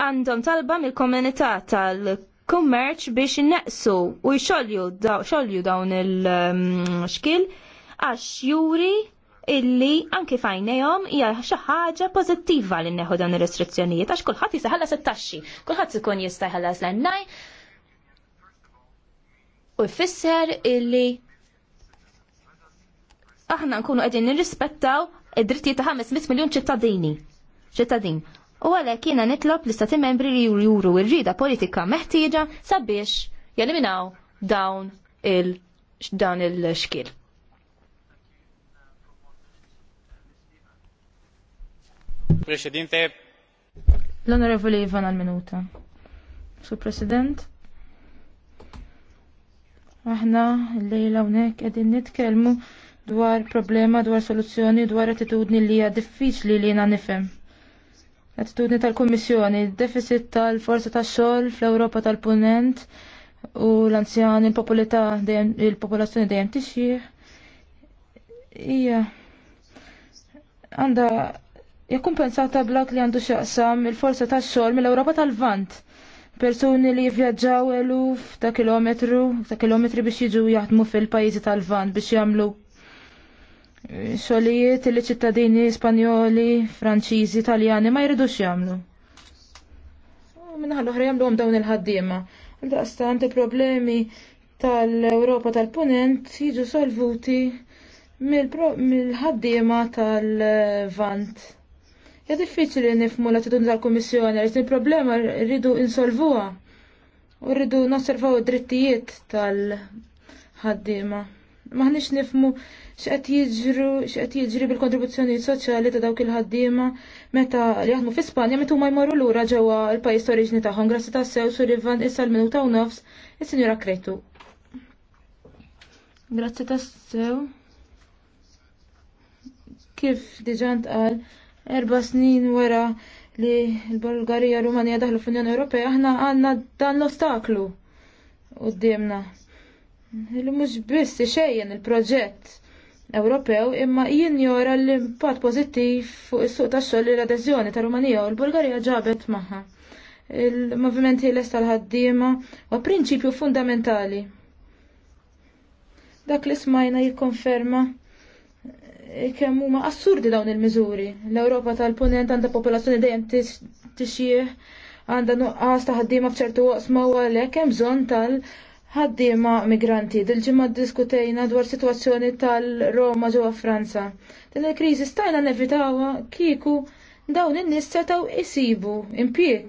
għandhom talba mill-komunità tal-kummerċ biex innaqsu u jxolju dawn il-xkil um, għax juri illi anki fajnejhom hija xi ħaġa pożittiva li neħu dawn ir-restrizzjonijiet għax kulħadd jista' ħallas it kulħadd ikun jista' jħallas l U jfisser illi aħna nkunu qegħdin nirrispettaw id-drittijiet ta' 500 miljun ċittadini. Ċittadin. U għalhekk jiena nitlob l-istati membri li juru r-rida politika meħtieġa sabiex jeliminaw dawn il-xkil. Presidente. L-Onorevoli Ivan għal-minuta. Sur President. Aħna l-lejla unek edin nitkelmu dwar problema, dwar soluzzjoni, dwar attitudni li hija diffiċli li jiena nifhem. Attitudni tal-Kummissjoni, deficit tal-forza tax-xogħol fl-Ewropa tal-Punent u l-anzjani, il-popolazzjoni dejjem tixjih. Ija, għanda jikkumpensata blak li għandu xaqsam il-forza ta' xol mill-Europa tal-Vant. Persuni li jivvjaġġaw eluf ta' kilometru, ta' kilometri biex jiġu jaħdmu fil-pajizi tal-Vant biex jamlu eh, xolijiet li ċittadini spanjoli, franċiżi, italjani ma jridux jamlu. Minnaħal oħra jamlu dawn il-ħaddiema. Daqstant il-problemi tal-Europa tal-Punent jiġu solvuti mill-ħaddiema tal-Vant. Ja diffiċli nifmu l-attitudni tal komissjoni għax il-problema rridu insolvuha u rridu nosservaw id-drittijiet tal-ħaddiema. Maħniex nifmu x'qed jiġru x'qed jiġri bil kontribuzzjoni soċjali ta' dawk il-ħaddiema meta li jaħdmu fi Spanja meta huma jmorru lura ġewwa l-pajjiż ta' oriġni tagħhom grazzi ta' sew Sullivan issa l-minuta u nofs is-Sinjura Kretu. Grazzi ta' sew. Kif diġant qal erba snin wara li l-Bulgarija Rumanija daħlu fl-Unjoni Ewropea aħna għandna dan l-ostaklu qudiemna. Li mhux biss xejjen il-proġett Ewropew imma jinjora l-impatt pożittiv fuq is-suq tax-xogħol l-adeżjoni ta' Rumanija u l-Bulgarija ġabet magħha. Il-movimenti l tal-ħaddiema u prinċipju fundamentali. Dak li smajna jikkonferma kemm huma assurdi dawn il-miżuri. L-Ewropa tal-Punent għandha popolazzjoni dejjem tixjih, għandha nuqqas ta' ħaddiema f'ċertu waqsma u għalhekk hemm bżonn tal-ħaddiema migranti. Dil-ġimgħa ddiskutejna dwar situazzjoni tal-Roma ġewwa Franza. Din il-kriżi stajna nevitawha kieku dawn in-nies setgħu isibu impjieg.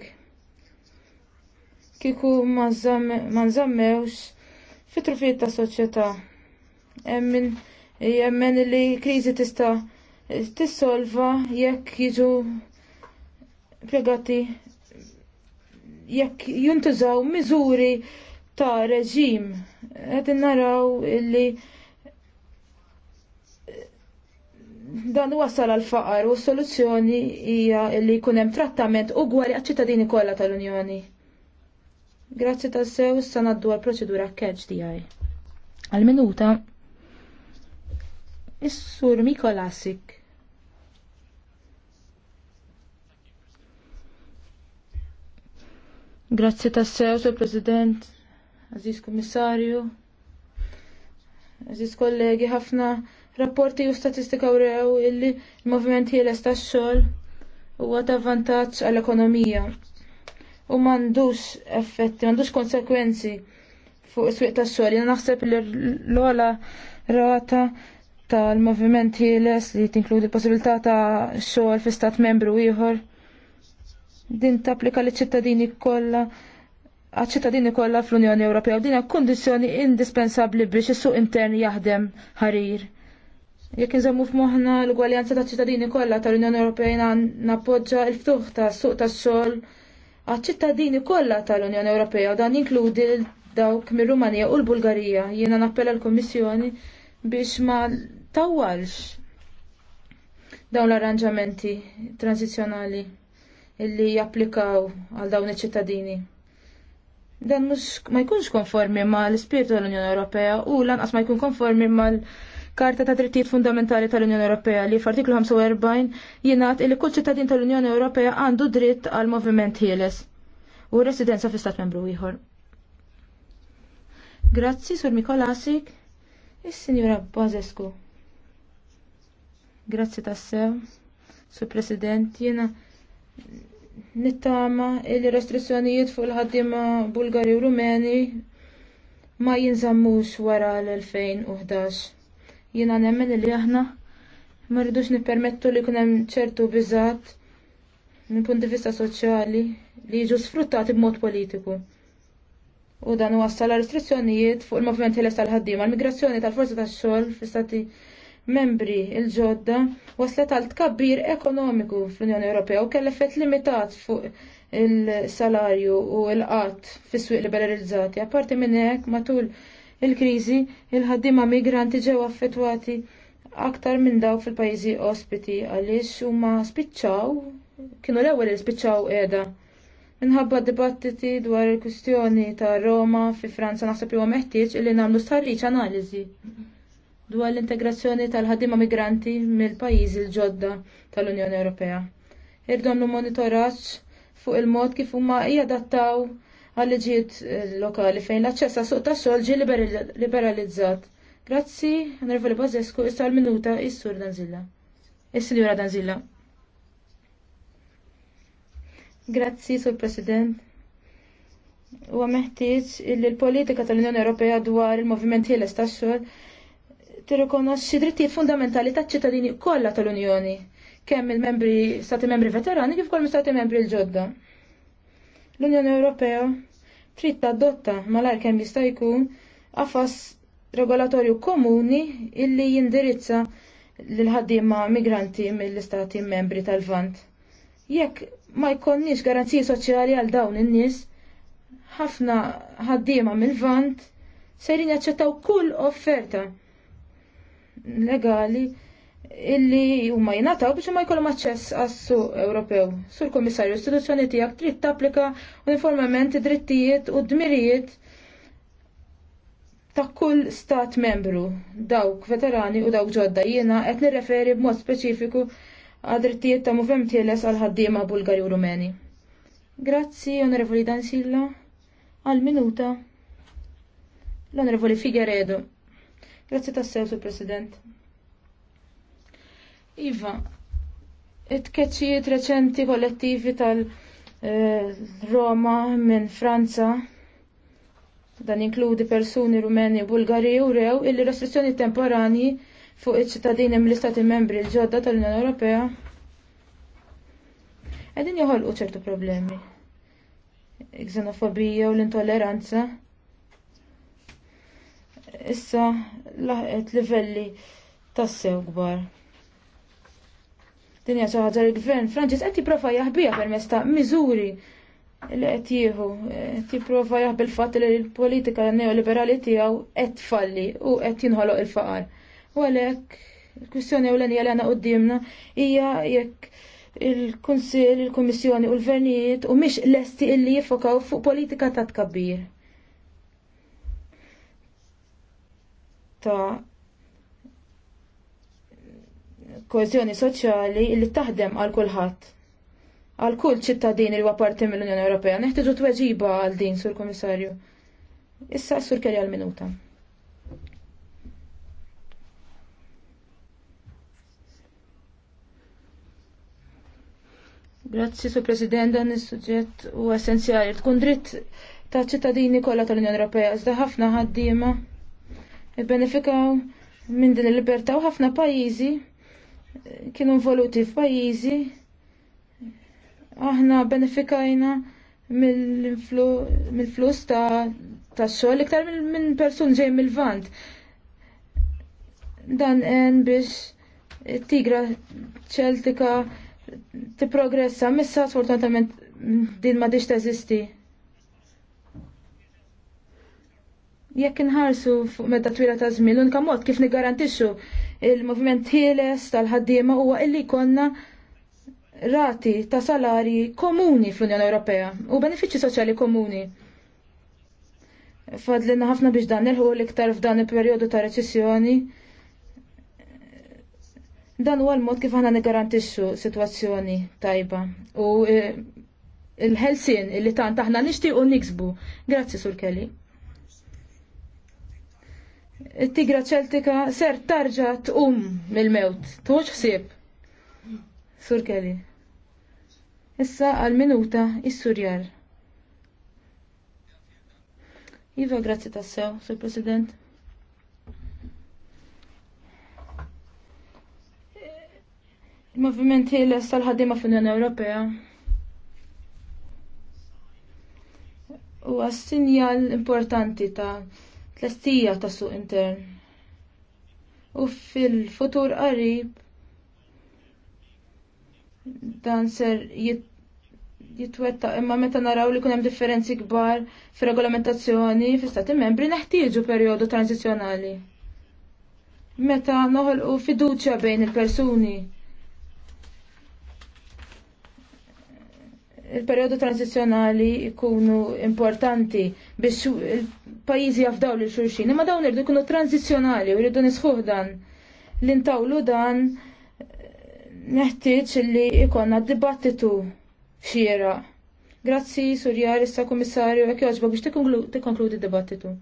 Kieku ma nżammewx fit-trufiet ta' soċjetà. Hemm min jemmen li kriżi tista' tissolva jekk jiġu pjegati jekk juntużaw miżuri ta' reġim. Qed naraw illi dan wasal għal faqar u s-soluzzjoni hija li jkun hemm trattament ugwali għaċ-ċittadini kollha tal-Unjoni. Grazzi tassew, issa ngħaddu għal proċedura catch DI. Għal minuta Is-sur Mikolasik. Grazzi tassew, sur President, Aziz Komissarju, Aziz kollegi, ħafna rapporti u statistika u rew illi il-movement ħieles tax-xogħol huwa ta' vantaġġ għall-ekonomija u m'għandux effetti, m'għandux konsekwenzi fuq is-swieq tax-xogħol. Jien naħseb li l-ola rata tal-moviment ħieles li tinkludi possibilità ta' xogħol fi stat membru ieħor. Din tapplika li ċittadini kollha għaċ-ċittadini kollha fl-Unjoni Ewropea u din hija kundizzjoni indispensabbli biex is-suq intern jaħdem ħarir. Jekk inżammu f'moħħna l ugwaljanza ta' ċittadini kollha tal-Unjoni Ewropea nappoġġa l-ftuħ ta' suq tax-xogħol għaċ-ċittadini kollha tal-Unjoni Ewropea u dan jinkludi dawk mir-Rumanija u l-Bulgarija. Jiena nappella l-Kummissjoni biex ma tawwalx dawn l-arranġamenti tranzizjonali illi japplikaw għal dawn iċ-ċittadini. Dan mux ma jkunx konformi ma l-ispirtu tal-Unjoni Ewropea u lanqas ma jkun konformi ma l-Karta ta' Drittijiet Fundamentali tal-Unjoni Ewropea li f'artiklu 45 jingħad li kull ċittadin tal-Unjoni Ewropea għandu dritt għal moviment ħieles u residenza fi stat membru ieħor. Grazzi, Sur Mikolasik, is-Sinjura Bazescu. Grazzi tassew, Sur President, jiena nittama il restrizzjonijiet fuq il-ħaddima Bulgari u Rumeni ma jinżammux wara l-2011. Jiena nemmen li aħna ma rridux nippermettu li jkun hemm ċertu biżat minn punt di vista soċjali li jiġu sfruttati b'mod politiku u dan wassal restrizzjonijiet fuq il-movimenti l tal ħaddiema l-migrazzjoni tal-forzi tax-xogħol fl-istati membri il-ġodda waslet għal tkabbir ekonomiku fl-Unjoni Ewropea u kellha effett limitat fuq il-salarju u l-qatt fis-swieq liberalizzati. Apparti minn hekk matul il-kriżi il-ħaddiema migranti ġew affettwati aktar minn dawk fil-pajjiżi ospiti għaliex huma spiċċaw kienu l-ewwel li spiċċaw qiegħda. Minħabba dibattiti dwar il-kwistjoni ta' Roma fi Franza naħseb li huwa meħtieġ illi nagħmlu starriċ analiżi dwar l-integrazzjoni tal-ħaddiema migranti mill-pajjiżi l-ġodda tal-Unjoni Ewropea. Irdhom l-monitoraġġ fuq il-mod kif huma jadattaw għal liġijiet eh, lokali fejn l-aċċess għas suq tax-xogħol ġie liberalizzat. Grazzi, Onorevoli Bazescu, issa l-minuta is-sur Danzilla. Is-Sinjura Danzilla. Grazzi, Sur President huwa meħtieġ li l-politika tal-Unjoni Ewropea dwar il-moviment ħieles tax-xogħol tirrikonoxxi drittijiet fundamentali taċ-ċittadini kollha tal-Unjoni, kemm il-membri stati membri veterani kif ukoll stati membri l-ġodda. L-Unjoni Ewropea trid tadotta malajr kemm jista' jkun affas regolatorju komuni illi jindirizza lil ħaddiema migranti mill-istati membri tal-Vant. Jekk ma jkollniex garanziji soċjali għal dawn in-nies, ħafna ħaddiema mill-Vant serin jaċċettaw kull offerta legali illi huma jingħataw biex ma jkollhom aċċess għas-suq Ewropew. Sur Kummissarju, l-istituzzjoni tiegħek trid tapplika uniformement id-drittijiet u d-dmirijiet ta' kull stat membru dawk veterani u dawk ġodda jiena qed nirreferi b'mod speċifiku għad drittijiet ta' movement tieles għal ħaddiema Bulgari u Rumeni. Grazzi, Onorevoli Dansilla, għal minuta. L-Onorevoli Figueredo. Grazzi tassew, Sur President. Iva, it-keċijiet reċenti kollettivi tal-Roma minn Franza dan inkludi persuni rumeni bulgari u rew illi restrizzjoni temporani fuq iċ-ċittadini mill-istati membri l-ġodda tal-Unjoni Ewropea qegħdin joħolqu ċertu problemi. Xenofobija u l-intolleranza issa laħqet livelli tassew kbar. Din hija xi ħaġa l-Gvern Franċiż qed jipprova jaħbiha permezz ta' miżuri li qed jieħu, qed jipprova jaħbi l-fatt li l-politika neoliberali tiegħu qed tfalli u qed jinħoloq il-faqar. U għalhekk il-kwistjoni ewlenija li għandna qudiemna hija jekk il-Kunsill, il-Kummissjoni u l-Gvernijiet u mhix lesti illi jiffokaw fuq politika ta' tkabbir. ta' koezjoni soċjali li taħdem għal kulħadd. Għal kull ċittadin li huwa parti mill-Unjoni Ewropea, neħtieġu tweġiba għal din sur Komissarju. Issa sur kelli għal minuta. Grazzi, Sur President, dan is-suġġett u essenzjali tkun dritt ta' ċittadini kollha tal-Unjoni Ewropea. Iżda ħafna ħaddiema benefikaw minn din il-libertà u ħafna pajjiżi eh, kienu involuti f'pajjiżi aħna benefikajna mill-flus ta' ta' xogħol iktar minn persun ġej mill-vant. Dan en biex tigra ċeltika tipprogressa missa sfortunatament din ma diċ teżisti. Jekk inħarsu fuq medda twila ta' żmien, l-unika mod kif niggarantixxu il movement ħieles tal-ħaddiema huwa illi konna rati ta' salari komuni fl-Unjoni Ewropea u benefiċċji soċjali komuni. Fadlinna ħafna biex dan nilħu l-iktar f'dan il-perjodu ta' reċessjoni dan huwa l-mod kif aħna nigarantixxu sitwazzjoni tajba u eh, l ħelsien illi tant aħna nixtiequ niksbu. Grazzi Sur Kelly it-tigra ċeltika ser tarġa tqum mill-mewt. Tuħuċ ħsieb. Sur Kelly. Issa għal-minuta is-surjar. Iva, grazzi tassew, sur President. Il-moviment ħieles tal-ħadima fl-Unjoni Ewropea huwa sinjal importanti ta' tlestija ta' suq intern. U fil-futur qarib dan ser jitwettaq jitwetta imma meta naraw li kunem differenzi kbar fir-regolamentazzjoni fl-istati membri neħtieġu perjodu tranzizjonali. Meta noħolqu fiduċja bejn il-persuni. Il-perjodu tranzizjonali ikunu importanti biex il-pajizi jafdaw li xurxin. Imma dawn irdu kunu tranzizjonali u irridu nisħuħ dan. L-intawlu dan neħtieġ li ikonna dibattitu xiera. Grazzi, Surjar, issa komissarju, ekki oġba biex tikkonkludi dibattitu.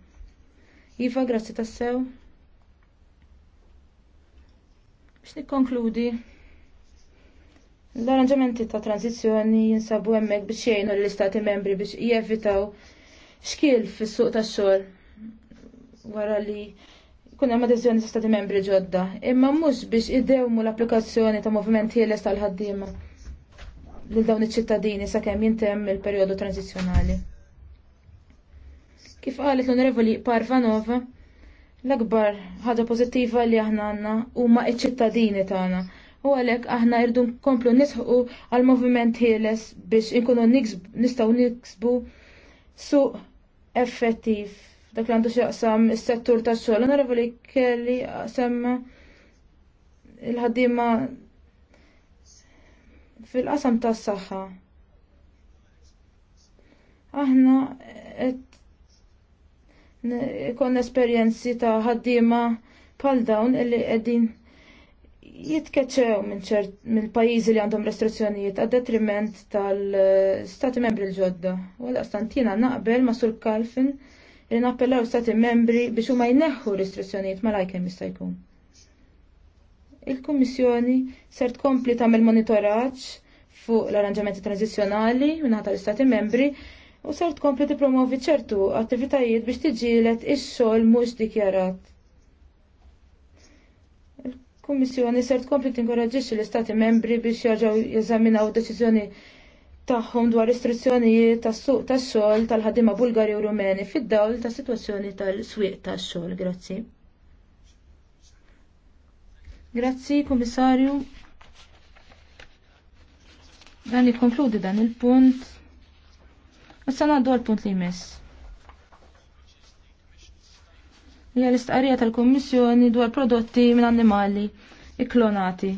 Iva, grazzi tassew. Biex nikkonkludi. L-arranġamenti ta' tranzizjoni jinsabu hemmhekk biex jgħinu l-istati membri biex jevitaw xkiel fis-suq tax-xogħol wara li kuna hemm adeżjoni ta' stati membri ġodda, imma mhux biex idewmu l-applikazzjoni ta' moviment ħieles tal-ħaddiema lil dawn iċ-ċittadini sakemm jintemm il-perjodu tranzizzjonali. Kif qalet l-Onorevoli Parvanov, l-akbar ħaġa pożittiva li aħna għandna huma iċ-ċittadini tagħna u għalek aħna irdu nkomplu nisħu għal moviment ħieles biex inkunu nistgħu niksbu suq effettiv dak li għandu xaqsam is-settur tax-xogħol. li kelli semma il-ħaddiema fil-qasam tas-saħħa. Aħna qed kon esperjenzi ta' ħaddiema bħal dawn illi qegħdin jitkeċew minn ċert minn pajjiżi li għandhom restrizzjonijiet għad detriment tal-Stati membri l-ġodda. Wala stantina naqbel ma' Sur Kalfin li nappellaw Stati membri biex huma jneħħu restrizzjonijiet ma' lajkem jista' jkun. Il-Kummissjoni ser tkompli tagħmel monitoraġġ fuq l-arranġamenti tranzizjonali minn tal-Istati membri u ser tkompli promovi ċertu attivitajiet biex tiġilet ix-xogħol mhux dikjarat Kummissjoni ser tkompli tinkoraġġixxi l-Istati membri biex jarġgħu jeżaminaw deċiżjoni tagħhom dwar restrizzjonijiet tas-suq tax-xogħol tal-ħaddiema Bulgari u Rumeni fid-dawl ta' sitwazzjoni tal-swieq tax-xogħol. Grazzi. Grazzi, Kummissarju. Dan jikkonkludi dan il-punt. Issa ngħaddu l punt li jmiss. hija l-istqarrija tal-Kummissjoni dwar prodotti minn annimali ikklonati.